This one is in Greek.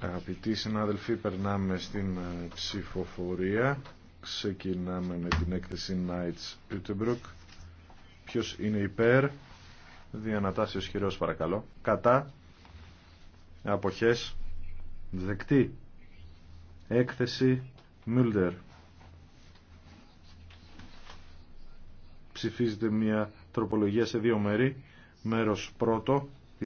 Αγαπητοί συνάδελφοι, περνάμε στην ε, ψηφοφορία. Ξεκινάμε με την έκθεση Knights Utenbrook. Ποιο είναι υπέρ, Διανατάσιο χειρό παρακαλώ. Κατά, αποχέ. δεκτή. Έκθεση μούλτερ. Ψηφίζεται μια τροπολογία σε δύο μέρη. Μέρος πρώτο,